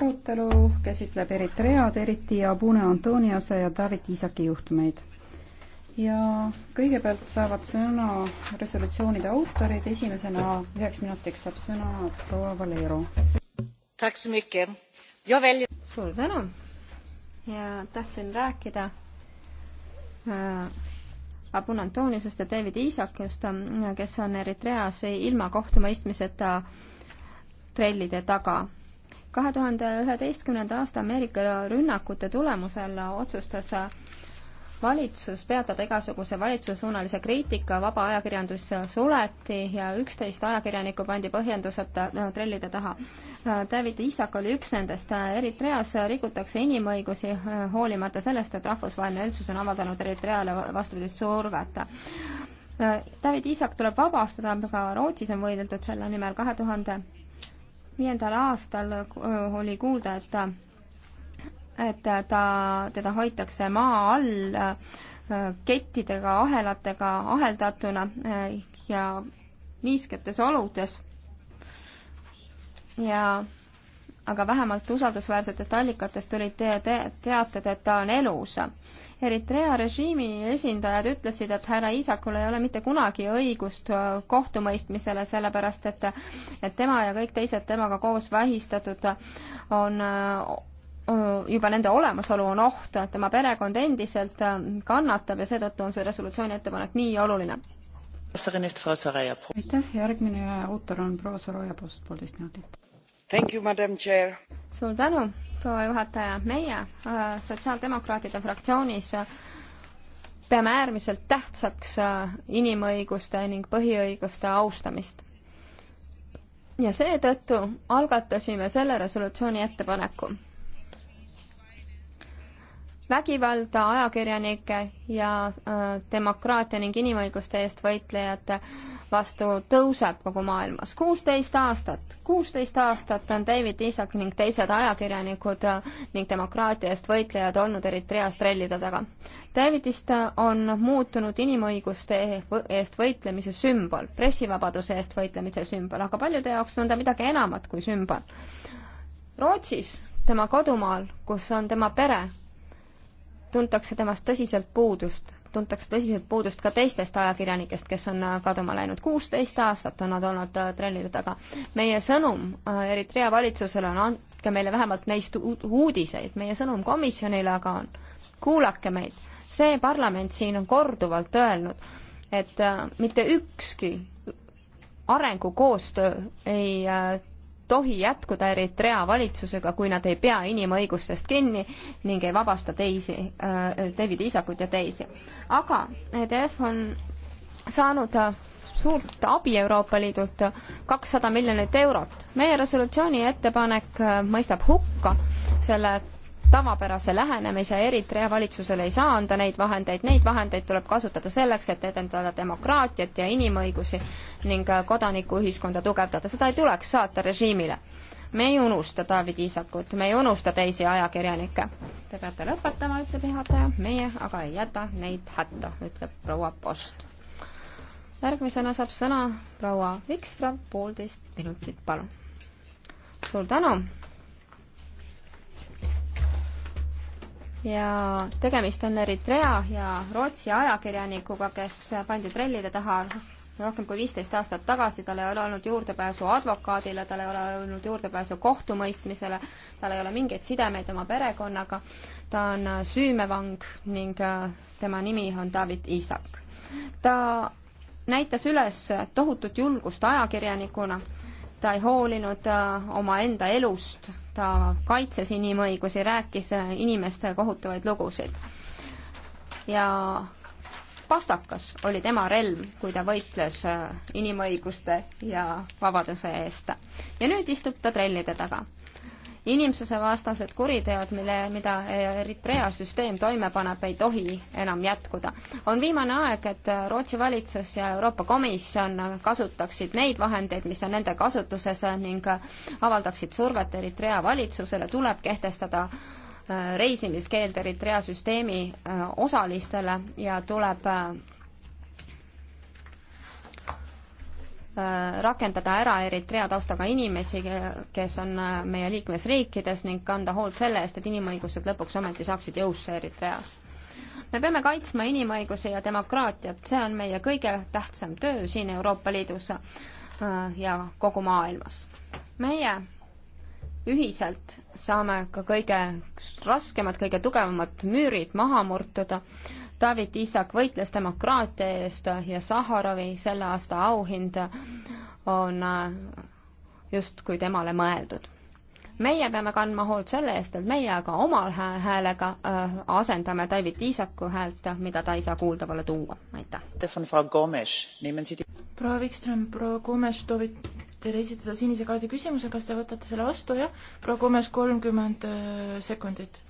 arutelu käsitleb Eritread, eriti Abune Antoniase ja David Iisaki juhtumeid. ja kõigepealt saavad sõna resolutsioonide autorid, esimesena üheks minutiks saab sõna proua Valero. suur tänu ja tahtsin rääkida äh, Abun Antoniusest ja David Iisakust, äh, kes on Eritreas ilma kohtumõistmiseta trellide taga kahe tuhande üheteistkümnenda aasta Ameerika rünnakute tulemusel otsustas valitsus peatada igasuguse valitsusesuunalise kriitika, vaba ajakirjandus suleti ja üksteist ajakirjanikku pandi põhjenduseta äh, trellide taha. Äh, David Isak oli üks nendest. Äh, Eritreas rikutakse inimõigusi, hoolimata sellest, et rahvusvaheline üldsus on avaldanud Eritreale vastupidist survet David Isak tuleb vabastada, aga Rootsis on võideldud selle nimel kahe tuhande viiendal aastal äh, oli kuulda, et, et ta, teda hoitakse maa all äh, kettidega, ahelatega aheldatuna äh, ja niisketes oludes ja aga vähemalt usaldusväärsetest allikatest tulid te te teated, et ta on elus. Eritrea režiimi esindajad ütlesid, et härra Iisakul ei ole mitte kunagi õigust äh, kohtumõistmisele, sellepärast et, et tema ja kõik teised temaga koos vähistatud on äh, juba nende olemasolu on oht, tema perekond endiselt äh, kannatab ja seetõttu on see resolutsiooni ettepanek nii oluline. aitäh, järgmine autor on proua Soroja Post, poolteist minutit suur tänu, proua juhataja, meie äh, Sotsiaaldemokraatide fraktsioonis äh, peame äärmiselt tähtsaks äh, inimõiguste ning põhiõiguste austamist. ja seetõttu algatasime selle resolutsiooni ettepaneku vägivalda ajakirjanike ja äh, demokraatia ning inimõiguste eest võitlejate vastu tõuseb kogu maailmas. kuusteist aastat, kuusteist aastat on David Isaak ning teised ajakirjanikud äh, ning demokraatia eest võitlejad olnud Eritreas trellide taga. Davidist äh, on muutunud inimõiguste e-, eest võitlemise sümbol, pressivabaduse eest võitlemise sümbol, aga paljude jaoks on ta midagi enamat kui sümbol. Rootsis, tema kodumaal, kus on tema pere, tuntakse temast tõsiselt puudust, tuntakse tõsiselt puudust ka teistest ajakirjanikest, kes on äh, kaduma läinud. kuusteist aastat on nad olnud äh, trellide taga. meie sõnum äh, Eritrea valitsusele on, andke meile vähemalt neist uudiseid, meie sõnum komisjonile aga on, kuulake meid. see parlament siin on korduvalt öelnud, et mitte ükski arengukoostöö ei tohi jätkuda Eritrea valitsusega, kui nad ei pea inimõigustest kinni ning ei vabasta teisi äh,, David Isakut ja teisi. aga EDF on saanud äh, suurt abi Euroopa Liidult, kakssada miljonit eurot. meie resolutsiooni ettepanek äh, mõistab hukka selle tavapärase lähenemise, Eritrea valitsusele ei saa anda neid vahendeid, neid vahendeid tuleb kasutada selleks, et edendada demokraatiat ja inimõigusi ning äh, kodanikuühiskonda tugevdada, seda ei tuleks saata režiimile. me ei unusta David Iisakut, me ei unusta teisi ajakirjanikke. Te peate lõpetama, ütleb juhataja, meie aga ei jäta neid hätta, ütleb proua Post. järgmisena saab sõna proua Vikström, poolteist minutit, palun. suur tänu ja tegemist on Eritrea ja Rootsi ajakirjanikuga, kes pandi trellide taha rohkem kui viisteist aastat tagasi, tal ei ole olnud juurdepääsu advokaadile, tal ei ole olnud juurdepääsu kohtumõistmisele, tal ei ole mingeid sidemeid oma perekonnaga, ta on süümevang ning äh, tema nimi on David Isak. ta näitas üles tohutut julgust ajakirjanikuna ta ei hoolinud äh, omaenda elust, ta kaitses inimõigusi, rääkis äh, inimeste kohutavaid lugusid. ja pastakas oli tema relv, kui ta võitles äh, inimõiguste ja vabaduse eest. ja nüüd istub ta trellide taga inimsusevastased kuriteod, mille, mida Eritrea süsteem toime paneb, ei tohi enam jätkuda. on viimane aeg, et Rootsi valitsus ja Euroopa Komisjon kasutaksid neid vahendeid, mis on nende kasutuses ning avaldaksid survet Eritrea valitsusele, tuleb kehtestada äh, reisimiskeeld Eritrea süsteemi äh, osalistele ja tuleb äh, Äh, rakendada ära Eritrea taustaga inimesi, kes on äh, meie liikmesriikides ning kanda hoolt selle eest, et inimõigused lõpuks ometi saaksid jõusse Eritreas. me peame kaitsma inimõigusi ja demokraatiat, see on meie kõige tähtsam töö siin Euroopa Liidus äh, ja kogu maailmas. meie ühiselt saame ka kõige raskemad, kõige tugevamad müürid maha murtuda David Isak võitles demokraatia eest ja Saharovi selle aasta auhind on äh, justkui temale mõeldud. meie peame kandma hoolt selle eest, et meie aga oma häälega äh, asendame David Iisaku häält, mida ta ei saa kuuldavale tuua. aitäh. proua Wikström, proua Gomes soovib teile esitada sinise kaardi küsimuse, kas te võtate selle vastu, jah? proua Gomes, kolmkümmend äh, sekundit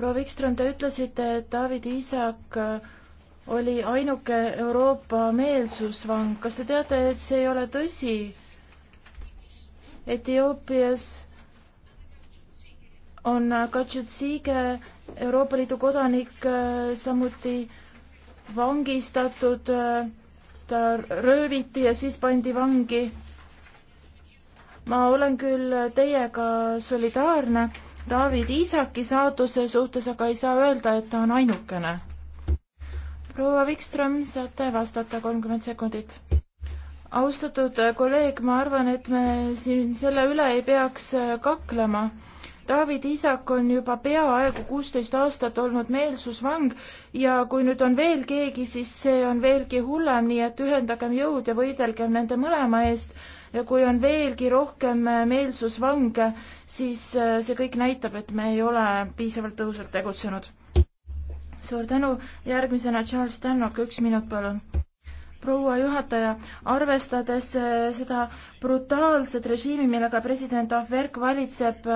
proua Vikström, te ütlesite, et David Iisak äh, oli ainuke Euroopa meelsusvang. kas te teate, et see ei ole tõsi? Etioopias on Katsjutsiige Euroopa Liidu kodanik äh, samuti vangistatud, äh, ta rööviti ja siis pandi vangi. ma olen küll teiega solidaarne David Iisaki saatuse suhtes, aga ei saa öelda, et ta on ainukene. proua Vikström, saate vastata kolmkümmend sekundit. austatud kolleeg, ma arvan, et me siin selle üle ei peaks äh, kaklema. David Iisak on juba peaaegu kuusteist aastat olnud meelsusvang ja kui nüüd on veel keegi, siis see on veelgi hullem, nii et ühendagem jõud ja võidelgem nende mõlema eest ja kui on veelgi rohkem äh, meelsusvange, siis äh, see kõik näitab, et me ei ole piisavalt tõhusalt tegutsenud. suur tänu, järgmisena Charles Tannock, üks minut palun proua juhataja, arvestades äh, seda brutaalset režiimi, millega president Ahverk valitseb,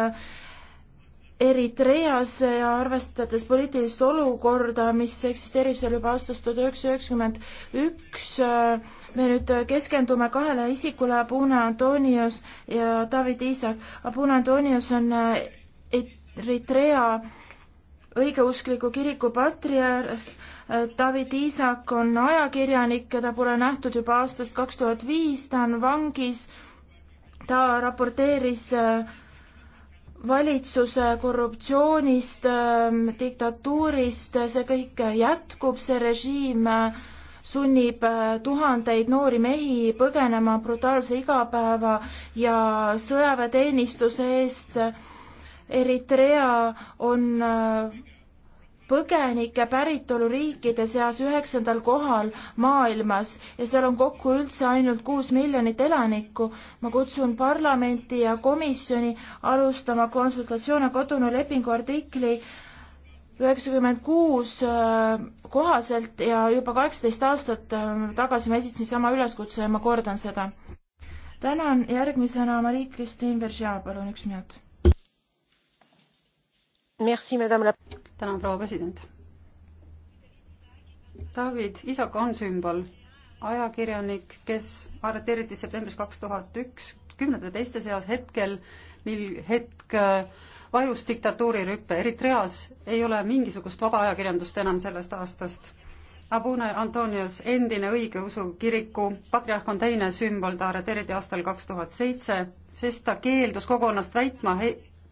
Eritreas ja arvestades poliitilist olukorda, mis eksisteerib seal juba aastast tuhat üheksasada üheksakümmend üks, äh, me nüüd keskendume kahele isikule, Abuna Antonios ja David Iisak. Abuna Antonios on äh, Eritrea õigeuskliku kiriku patriarh, David Iisak on ajakirjanik, keda pole nähtud juba aastast kaks tuhat viis, ta on vangis, ta raporteeris äh, valitsuse korruptsioonist, ähm, diktatuurist, see kõik jätkub, see režiim äh, sunnib äh, tuhandeid noori mehi põgenema brutaalse igapäeva ja sõjaväeteenistuse eest. Eritrea on äh, põgenike päritoluriikide seas üheksandal kohal maailmas ja seal on kokku üldse ainult kuus miljonit elanikku. ma kutsun parlamenti ja komisjoni alustama konsultatsioone kodunu lepingu artikli üheksakümmend kuus äh, kohaselt ja juba kaheksateist aastat äh, tagasi ma esitasin sama üleskutse ja ma kordan seda. tänan, järgmisena Marie-Christine Berger, palun üks minut tänan, proua president. David Isak on sümbol, ajakirjanik, kes arreteeriti septembris kaks tuhat üks kümnete teiste seas hetkel, mil hetk äh, vajus diktatuuri rüppe. Eritreas ei ole mingisugust vaba ajakirjandust enam sellest aastast. Abune Antonios, endine õigeusu kiriku patriarh on teine sümbol, ta arreteeriti aastal kaks tuhat seitse, sest ta keeldus kogukonnast väitma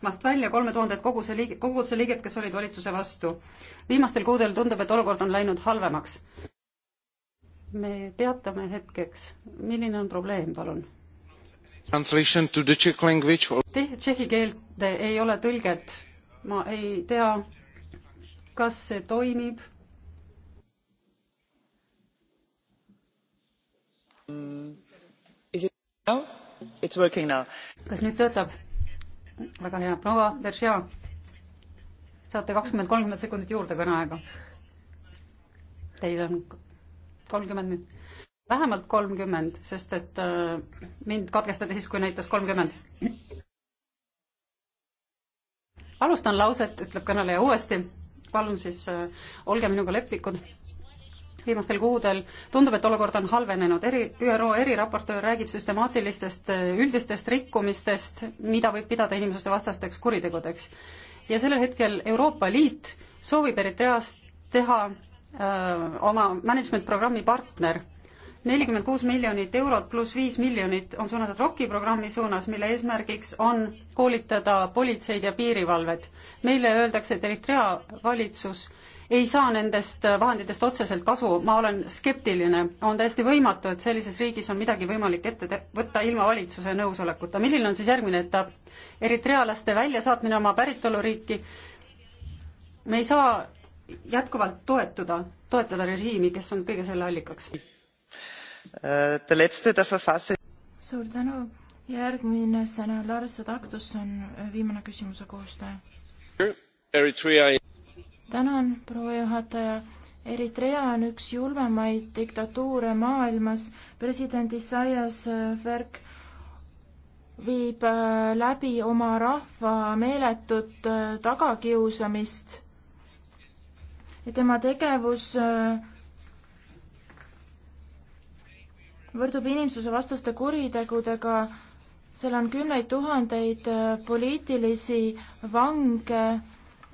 maast välja kolme tuhandet koguse liiget, koguduse liiget, kes olid valitsuse vastu. viimastel kuudel tundub, et olukord on läinud halvemaks. me peatame hetkeks, milline on probleem, palun? Translation to the Czech language for... Tšehhi keelde ei ole tõlget, ma ei tea, kas see toimib mm.. It... No? kas nüüd töötab? väga hea, proua Veržea, saate kakskümmend, kolmkümmend sekundit juurde kõneaega. Teil on kolmkümmend minutit vähemalt kolmkümmend, sest et äh, mind katkestati siis, kui näitas kolmkümmend. alustan lauset, ütleb kõneleja uuesti. palun siis äh, olge minuga leplikud viimastel kuudel tundub, et olukord on halvenenud, eri, ÜRO eriraportöör räägib süstemaatilistest üldistest rikkumistest, mida võib pidada inimsusevastasteks kuritegudeks. ja sellel hetkel Euroopa Liit soovib Eritreast teha öö, oma management programmi partner. nelikümmend kuus miljonit eurot pluss viis miljonit on suunatud ROK-i programmi suunas, mille eesmärgiks on koolitada politseid ja piirivalvet. meile öeldakse, et Eritrea valitsus ei saa nendest vahenditest otseselt kasu, ma olen skeptiline, on täiesti võimatu, et sellises riigis on midagi võimalik ette võtta ilma valitsuse nõusolekuta. milline on siis järgmine etapp? eritrealaste väljasaatmine oma päritoluriiki. me ei saa jätkuvalt toetuda, toetada režiimi, kes on kõige selle allikaks. suur tänu, järgmine sõna, Lars Adaktus on viimane küsimuse koostaja. Eritrea tänan, proua juhataja. Eritrea on üks julmemaid diktatuure maailmas. president Isaias Verk äh, viib äh, läbi oma rahva meeletut äh, tagakiusamist ja tema tegevus võrdub inimsusevastaste kuritegudega. seal on kümneid tuhandeid poliitilisi vange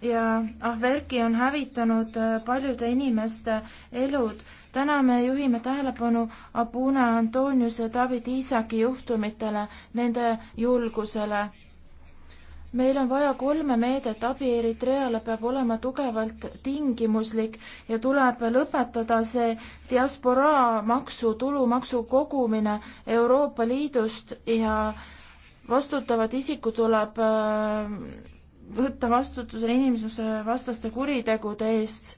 ja Ahverki on hävitanud äh, paljude inimeste elud. täna me juhime tähelepanu Abuna Antoniuse ja David Iisaki juhtumitele, nende julgusele. meil on vaja kolme meedet, abi Eritreale peab olema tugevalt tingimuslik ja tuleb lõpetada see diasporaa maksu, tulumaksu kogumine Euroopa Liidust ja vastutavad isikud tuleb äh, võtta vastutusele inimsuse vastaste kuritegude eest.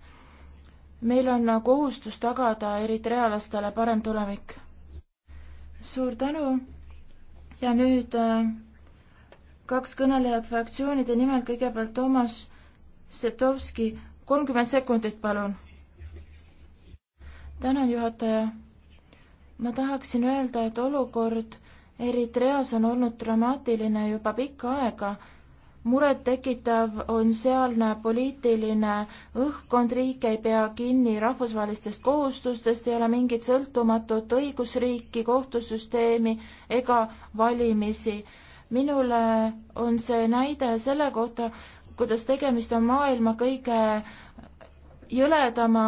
meil on kohustus tagada eritrealastele parem tulevik. suur tänu ja nüüd äh, kaks kõnelejat fraktsioonide nimel, kõigepealt Toomas Setovski, kolmkümmend sekundit, palun. tänan, juhataja. ma tahaksin öelda, et olukord Eritreas on olnud dramaatiline juba pikka aega murettekitav on sealne poliitiline õhkkond, riik ei pea kinni rahvusvahelistest kohustustest, ei ole mingit sõltumatut õigusriiki, kohtusüsteemi ega valimisi. minule on see näide selle kohta, kuidas tegemist on maailma kõige jõledama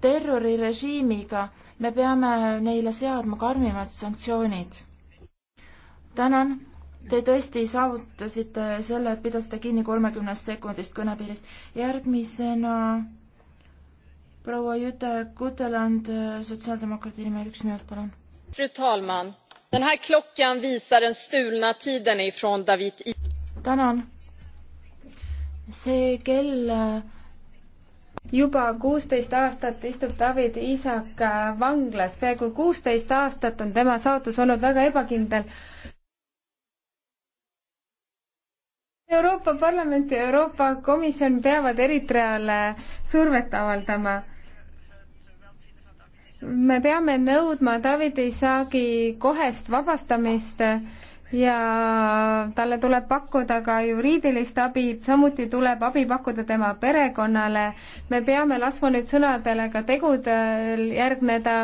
terrorirežiimiga. me peame neile seadma karmimad sanktsioonid. tänan Te tõesti saavutasite selle, et pidasite kinni kolmekümnest sekundist kõnepiirist. järgmisena proua Jüte Kuteland, sotsiaaldemokraadi nimel üks minut, palun. Fru talman, den här klockan visar den stulna tiden ifrån David I-. tänan. see kell juba kuusteist aastat istub David Isak vanglas, peaaegu kuusteist aastat on tema saatus olnud väga ebakindel Euroopa Parlament ja Euroopa Komisjon peavad Eritreale survet avaldama. me peame nõudma David Isaagi kohest vabastamist ja talle tuleb pakkuda ka juriidilist abi, samuti tuleb abi pakkuda tema perekonnale. me peame laskma nüüd sõnadele ka tegudel järgneda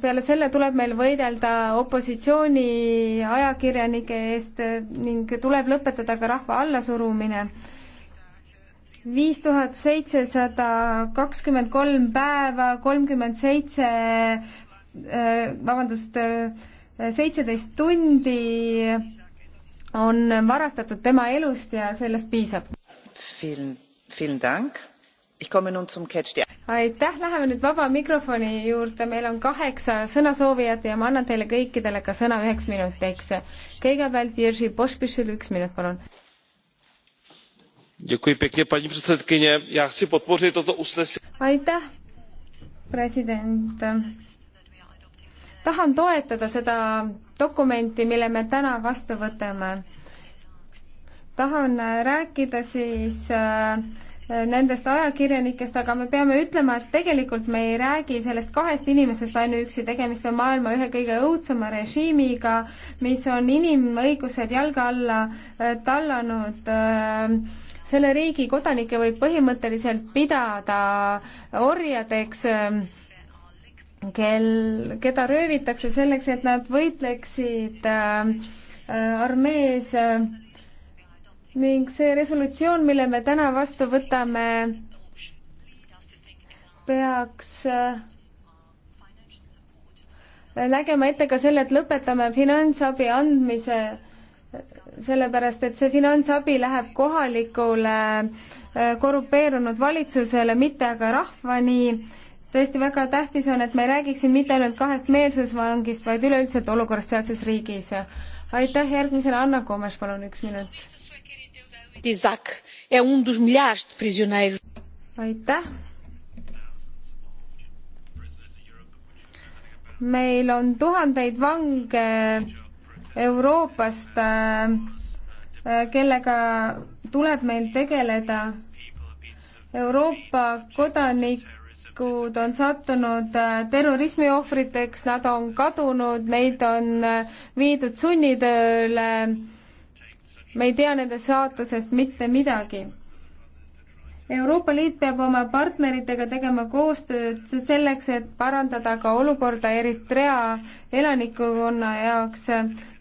peale selle tuleb meil võidelda opositsiooni ajakirjanike eest ning tuleb lõpetada ka rahva allasurumine viis tuhat seitsesada kakskümmend kolm päeva, kolmkümmend seitse, äh, vabandust, äh, seitseteist tundi on varastatud tema elust ja sellest piisab aitäh, läheme nüüd vaba mikrofoni juurde, meil on kaheksa sõnasoovijat ja ma annan teile kõikidele ka sõna üheks minutiks. kõigepealt Jerzy Pospišil üks minut, palun. aitäh, president. tahan toetada seda dokumenti, mille me täna vastu võtame. tahan rääkida siis äh, nendest ajakirjanikest, aga me peame ütlema, et tegelikult me ei räägi sellest kahest inimesest ainuüksi, tegemist on maailma ühe kõige õudsema režiimiga, mis on inimõigused jalge alla äh, tallanud äh, selle riigi kodanikke võib põhimõtteliselt pidada orjadeks äh, kel, keda röövitakse selleks, et nad võitleksid äh, armees äh, ning see resolutsioon, mille me täna vastu võtame, peaks äh, nägema ette ka selle, et lõpetame finantsabi andmise, sellepärast et see finantsabi läheb kohalikule äh, korrupeerunud valitsusele, mitte aga rahvani. tõesti väga tähtis on, et me ei räägiks siin mitte ainult kahest meelsusvangist, vaid üleüldiselt olukorrast sealses riigis. aitäh, järgmisena Anna Komes, palun üks minut Isaac é um dos milhares de prisioneiros. aitäh. meil on tuhandeid vange Euroopast, äh, kellega tuleb meil tegeleda. Euroopa kodanikud on sattunud äh, terrorismi ohvriteks, nad on kadunud, neid on äh, viidud sunnitööle me ei tea nende saatusest mitte midagi. Euroopa Liit peab oma partneritega tegema koostööd selleks, et parandada ka olukorda Eritrea elanikkonna jaoks.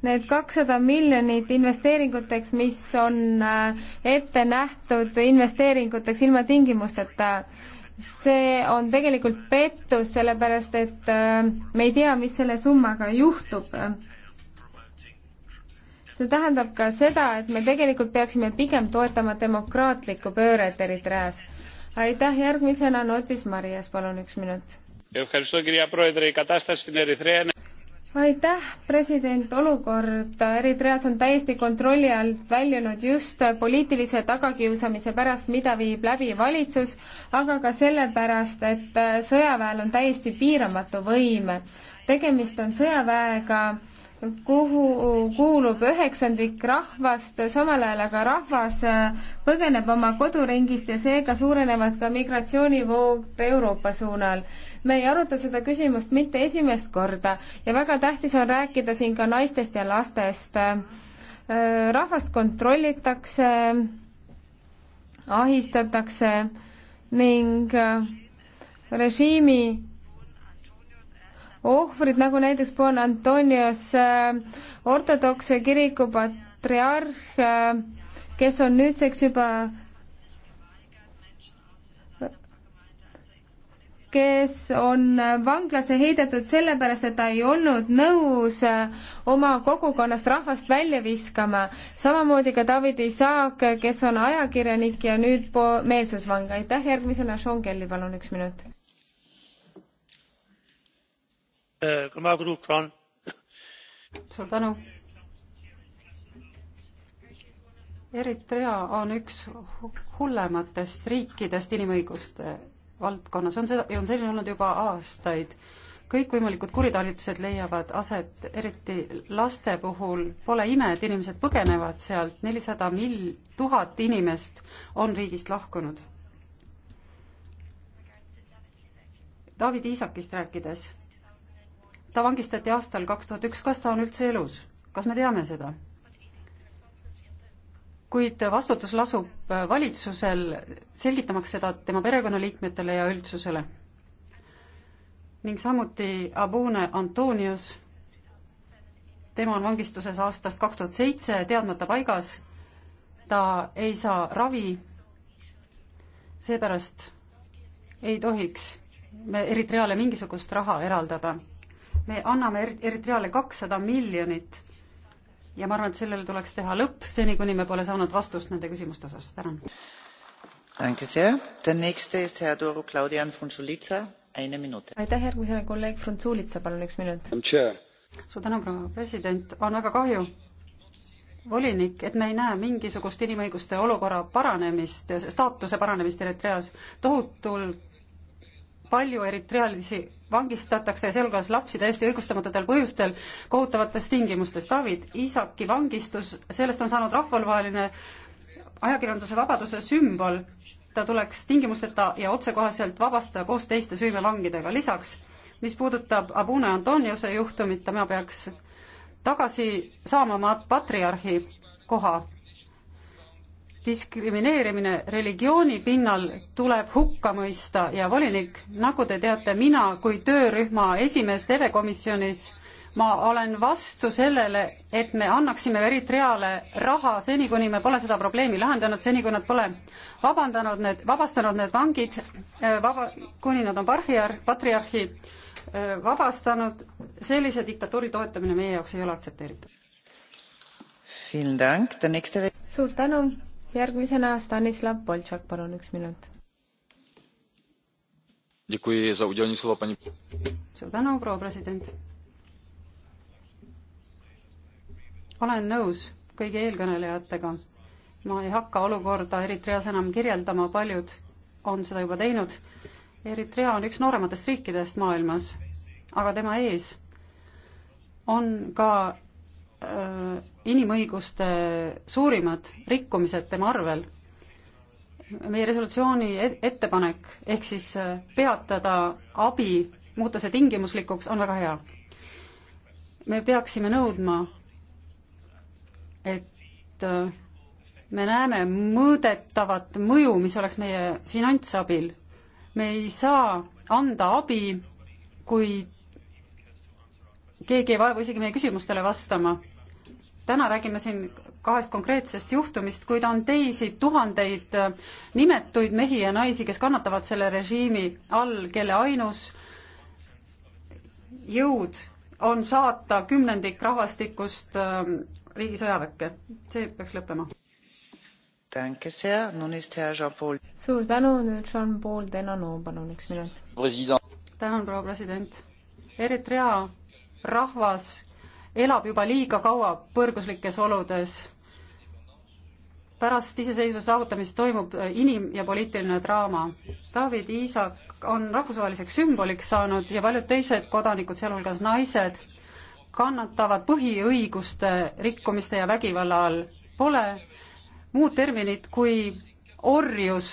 Need kakssada miljonit investeeringuteks, mis on äh, ette nähtud investeeringuteks ilma tingimusteta see on tegelikult pettus, sellepärast et äh, me ei tea, mis selle summaga juhtub see tähendab ka seda, et me tegelikult peaksime pigem toetama demokraatlikku pööret Eritreas. aitäh, järgmisena Notis Marias, palun üks minut. aitäh, president, olukord Eritreas on täiesti kontrolli alt väljunud just poliitilise tagakiusamise pärast, mida viib läbi valitsus, aga ka sellepärast, et sõjaväel on täiesti piiramatu võim. tegemist on sõjaväega kuhu kuulub üheksandik rahvast, samal ajal aga rahvas äh, põgeneb oma koduringist ja seega suurenevad ka migratsioonivood Euroopa suunal. me ei aruta seda küsimust mitte esimest korda ja väga tähtis on rääkida siin ka naistest ja lastest. Äh, rahvast kontrollitakse, ahistatakse ning äh, režiimi ohvrid, nagu näiteks Juan Antonios äh, ortodokse kiriku patriarh, äh, kes on nüüdseks juba kes on vanglasse heidetud sellepärast, et ta ei olnud nõus äh, oma kogukonnast rahvast välja viskama. samamoodi ka David Isaak, kes on ajakirjanik ja nüüd meelsusvang. aitäh, järgmisena Sean Kelly, palun üks minut. Eh, suur tänu. Eritrea on üks hullematest riikidest inimõiguste valdkonnas, on seda, on selline olnud juba aastaid. kõikvõimalikud kuritarvitused leiavad aset, eriti laste puhul, pole ime, et inimesed põgenevad sealt, nelisada mil-, tuhat inimest on riigist lahkunud. David Iisakist rääkides ta vangistati aastal kaks tuhat üks, kas ta on üldse elus, kas me teame seda? kuid vastutus lasub valitsusel selgitamaks seda tema perekonnaliikmetele ja üldsusele. ning samuti Abune Antonius, tema on vangistuses aastast kaks tuhat seitse teadmata paigas, ta ei saa ravi, seepärast ei tohiks me Eritreale mingisugust raha eraldada me anname Eritreale kakssada miljonit ja ma arvan, et sellele tuleks teha lõpp, seni kuni me pole saanud vastust nende küsimuste osas, tänan. aitäh, järgmisena kolleeg Frunzulitsa, palun üks minut. suur tänu, proua president, on väga kahju, volinik, et me ei näe mingisugust inimõiguste olukorra paranemist, staatuse paranemist Eritreas, tohutult palju eritrealisi vangistatakse, sealhulgas lapsi täiesti õigustamatutel põhjustel kohutavates tingimustes. David Isaki vangistus, sellest on saanud rahvusvaheline ajakirjanduse vabaduse sümbol. ta tuleks tingimusteta ja otsekoheselt vabastada koos teiste süümevangidega. lisaks, mis puudutab Abune Antoniuse juhtumit, tema peaks tagasi saama oma patriarhi koha diskrimineerimine religiooni pinnal tuleb hukka mõista ja volinik, nagu te teate, mina kui töörühma esimees telekomisjonis, ma olen vastu sellele, et me annaksime Eritreale raha seni, kuni me pole seda probleemi lahendanud, seni kui nad pole vabandanud need, vabastanud need vangid, äh, vaba, kuni nad on patriarh, patriarhi äh, vabastanud, sellise diktatuuri toetamine meie jaoks ei ole aktsepteeritav. suur tänu järgmisena Stanislav Boltšak, palun, üks minut. suur tänu, proua president. olen nõus kõigi eelkõnelejatega. ma ei hakka olukorda Eritreas enam kirjeldama, paljud on seda juba teinud. Eritrea on üks noorematest riikidest maailmas, aga tema ees on ka Äh, inimõiguste suurimad rikkumised tema arvel. meie resolutsiooni e-, ettepanek ehk siis äh, peatada abi, muuta see tingimuslikuks, on väga hea. me peaksime nõudma, et äh, me näeme mõõdetavat mõju, mis oleks meie finantsabil. me ei saa anda abi, kui keegi ei vaevu isegi meie küsimustele vastama täna räägime siin kahest konkreetsest juhtumist, kuid on teisi tuhandeid äh, nimetuid mehi ja naisi, kes kannatavad selle režiimi all, kelle ainus jõud on saata kümnendik rahvastikust äh, riigi sõjaväkke. see peaks lõppema. suur tänu, nüüd Jean-Paul Denano, palun üks minut. tänan, proua president. Eritrea rahvas elab juba liiga kaua põrguslikes oludes. pärast iseseisvuse saavutamist toimub äh, inim- ja poliitiline draama. David Iisak on rahvusvaheliseks sümboliks saanud ja paljud teised kodanikud, sealhulgas naised, kannatavad põhiõiguste rikkumiste ja vägivalla all. Pole muud terminit kui orjus,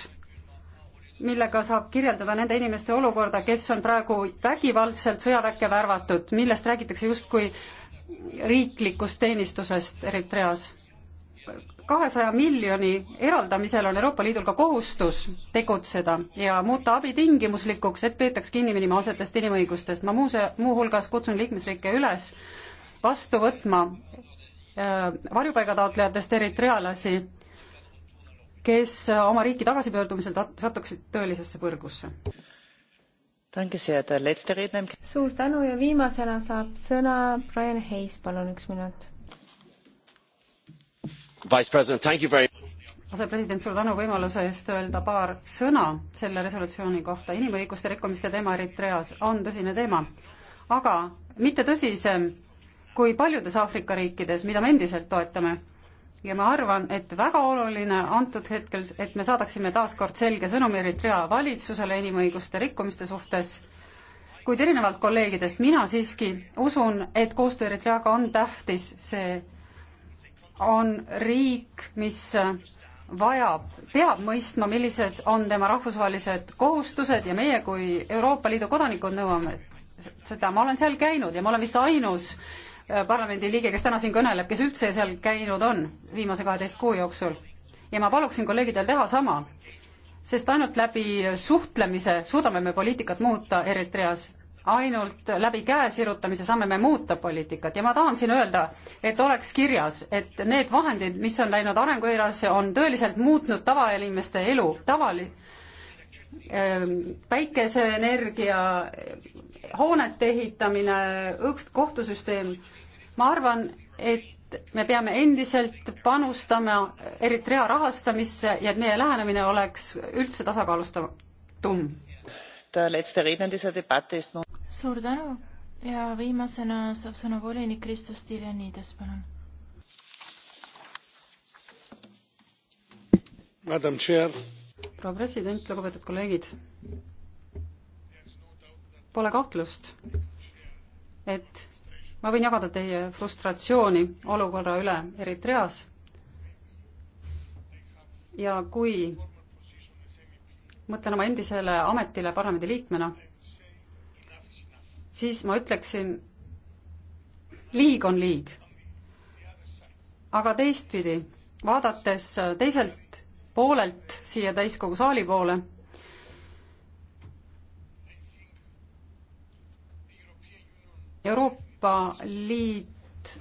millega saab kirjeldada nende inimeste olukorda, kes on praegu vägivaldselt sõjaväkke värvatud, millest räägitakse justkui riiklikust teenistusest Eritreas. kahesaja miljoni eraldamisel on Euroopa Liidul ka kohustus tegutseda ja muuta abi tingimuslikuks, et peetaks kinni minimaalsetest inimõigustest. ma muuse, muuhulgas kutsun liikmesriike üles vastu võtma äh, varjupaigataotlejatest eritrealasi, kes oma riiki tagasipöördumisel satuksid tõelisesse põrgusse suur tänu ja viimasena saab sõna Brian Hayes, palun üks minut. asepresident, suur tänu võimaluse eest öelda paar sõna selle resolutsiooni kohta. inimõiguste rikkumiste teema Eritreas on tõsine teema, aga mitte tõsisem kui paljudes Aafrika riikides, mida me endiselt toetame ja ma arvan, et väga oluline antud hetkel, et me saadaksime taaskord selge sõnumi Eritrea valitsusele inimõiguste rikkumiste suhtes, kuid erinevalt kolleegidest mina siiski usun, et koostöö Eritreaga on tähtis, see on riik, mis vajab, peab mõistma, millised on tema rahvusvahelised kohustused ja meie kui Euroopa Liidu kodanikud nõuame seda, ma olen seal käinud ja ma olen vist ainus äh, parlamendiliige, kes täna siin kõneleb, kes üldse seal käinud on viimase kaheteist kuu jooksul. ja ma paluksin kolleegidel teha sama, sest ainult läbi suhtlemise suudame me poliitikat muuta Eritreas. ainult läbi käe sirutamise saame me muuta poliitikat ja ma tahan siin öelda, et oleks kirjas, et need vahendid, mis on läinud arengueirasse, on tõeliselt muutnud tavainimeste elu, tavali-, ähm, päikeseenergia, hoonete ehitamine, õht-, kohtusüsteem ma arvan, et me peame endiselt panustama Eritrea rahastamisse ja et meie lähenemine oleks üldse tasakaalustatum. suur tänu ja viimasena saab sõna volinik Kristo Stiljanides, palun. proua president, lugupeetud kolleegid. Pole kahtlust, et ma võin jagada teie frustratsiooni olukorra üle Eritreas ja kui mõtlen oma endisele ametile parlamendiliikmena, siis ma ütleksin, liig on liig. aga teistpidi, vaadates teiselt poolelt siia täiskogu saali poole, Euroopa Euroopa Liit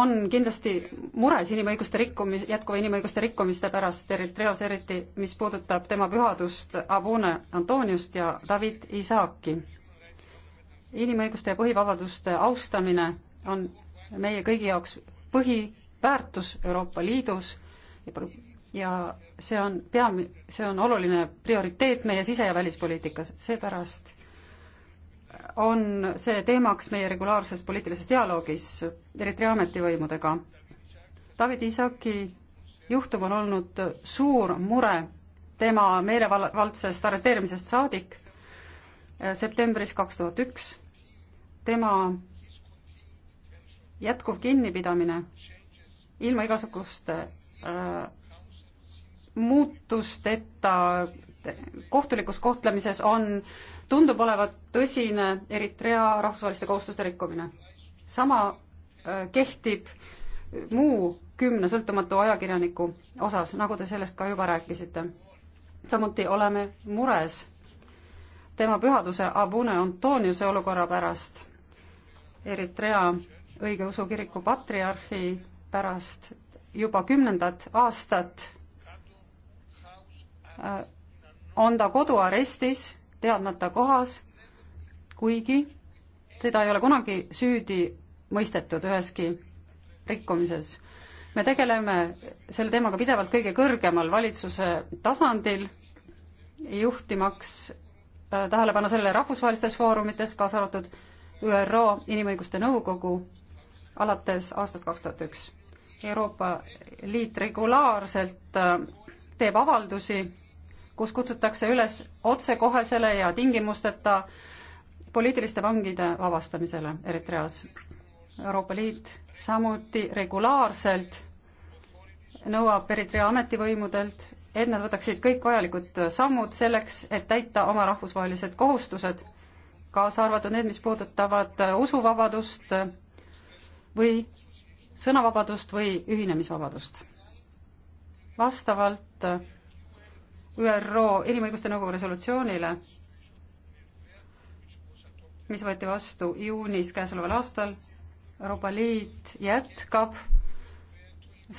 on kindlasti mures inimõiguste rikkumis, jätkuva inimõiguste rikkumiste pärast Eritreos, eriti mis puudutab tema pühadust Abune Antoniust ja David Isaaki. inimõiguste ja põhivabaduste austamine on meie kõigi jaoks põhiväärtus Euroopa Liidus ja see on pea, see on oluline prioriteet meie sise- ja välispoliitikas, seepärast on see teemaks meie regulaarses poliitilises dialoogis Eritrea ametivõimudega. David Isaki juhtum on olnud suur mure tema meelevaldsest arreteerimisest saadik eh, septembris kaks tuhat üks. tema jätkuv kinnipidamine ilma igasuguste äh, muutusteta kohtulikus kohtlemises on, tundub olevat tõsine Eritrea rahvusvaheliste kohustuste rikkumine. sama kehtib muu kümne sõltumatu ajakirjaniku osas, nagu te sellest ka juba rääkisite. samuti oleme mures tema pühaduse Abune Antoniuse olukorra pärast, Eritrea õigeusu kiriku patriarhi pärast juba kümnendat aastat on ta koduarestis teadmata kohas, kuigi teda ei ole kunagi süüdi mõistetud üheski rikkumises. me tegeleme selle teemaga pidevalt kõige kõrgemal valitsuse tasandil, juhtimaks äh, tähelepanu sellele rahvusvahelistes foorumites, kaasa arvatud ÜRO Inimõiguste Nõukogu alates aastast kaks tuhat üks. Euroopa Liit regulaarselt äh, teeb avaldusi kus kutsutakse üles otsekohesele ja tingimusteta poliitiliste vangide vabastamisele Eritreas. Euroopa Liit samuti regulaarselt nõuab Eritrea ametivõimudelt, et nad võtaksid kõik vajalikud sammud selleks, et täita oma rahvusvahelised kohustused, kaasa arvatud need, mis puudutavad usuvabadust või sõnavabadust või ühinemisvabadust. vastavalt ÜRO Inimõiguste Nõukogu resolutsioonile, mis võeti vastu juunis käesoleval aastal. Euroopa Liit jätkab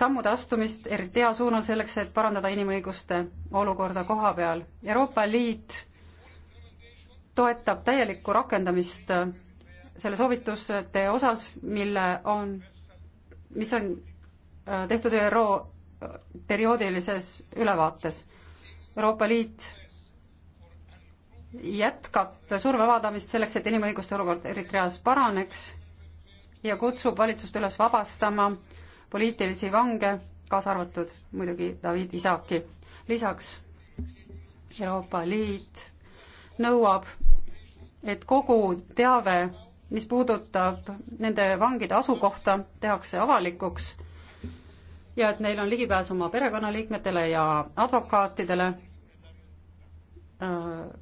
sammude astumist Eritrea suunal selleks, et parandada inimõiguste olukorda koha peal. Euroopa Liit toetab täielikku rakendamist selle soovituste osas, mille on, mis on äh, tehtud ÜRO äh, perioodilises ülevaates Euroopa Liit jätkab surve avaldamist selleks, et inimõiguste olukord Eritreas paraneks ja kutsub valitsust üles vabastama poliitilisi vange, kaasa arvatud muidugi David Isaki. lisaks Euroopa Liit nõuab, et kogu teave, mis puudutab nende vangide asukohta, tehakse avalikuks ja et neil on ligipääs oma perekonnaliikmetele ja advokaatidele, äh,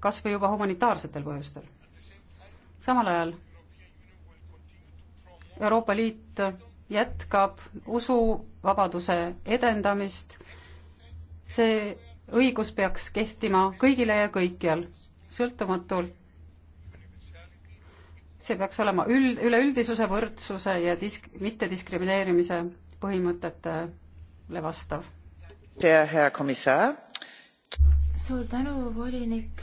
kas või juba humanitaarsetel põhjustel. samal ajal Euroopa Liit jätkab usuvabaduse edendamist, see õigus peaks kehtima kõigile ja kõikjal, sõltumatult see peaks olema üld, üleüldisuse, võrdsuse ja disk-, mittediskrimineerimise põhimõtetele vastav. suur tänu, volinik.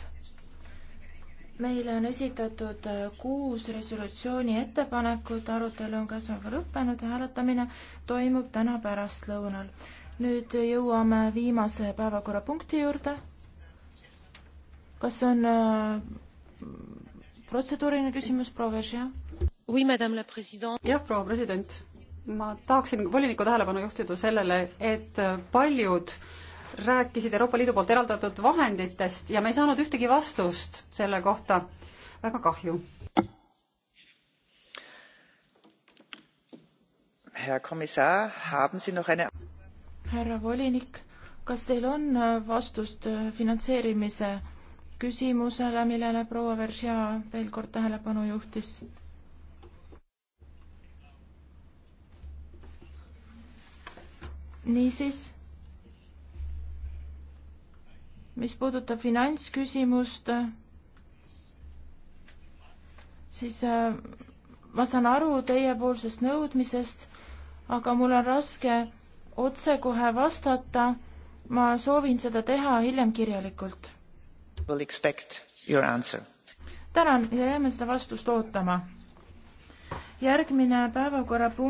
meile on esitatud kuus resolutsiooni ettepanekut, arutelu on käesoleval lõppenud ja hääletamine toimub täna pärastlõunal. nüüd jõuame viimase päevakorrapunkti juurde. kas on äh, protseduuriline küsimus, proua Veržia? jah, proua president ma tahaksin voliniku tähelepanu juhtida sellele, et paljud rääkisid Euroopa Liidu poolt eraldatud vahenditest ja me ei saanud ühtegi vastust selle kohta. väga kahju. Eine... härra volinik, kas teil on äh, vastust äh, finantseerimise küsimusele, millele proua Veržia veel kord tähelepanu juhtis? niisiis, mis puudutab finantsküsimust, siis äh, ma saan aru teiepoolsest nõudmisest, aga mul on raske otsekohe vastata. ma soovin seda teha hiljem kirjalikult. tänan ja jääme seda vastust ootama. järgmine päevakorrapunkt.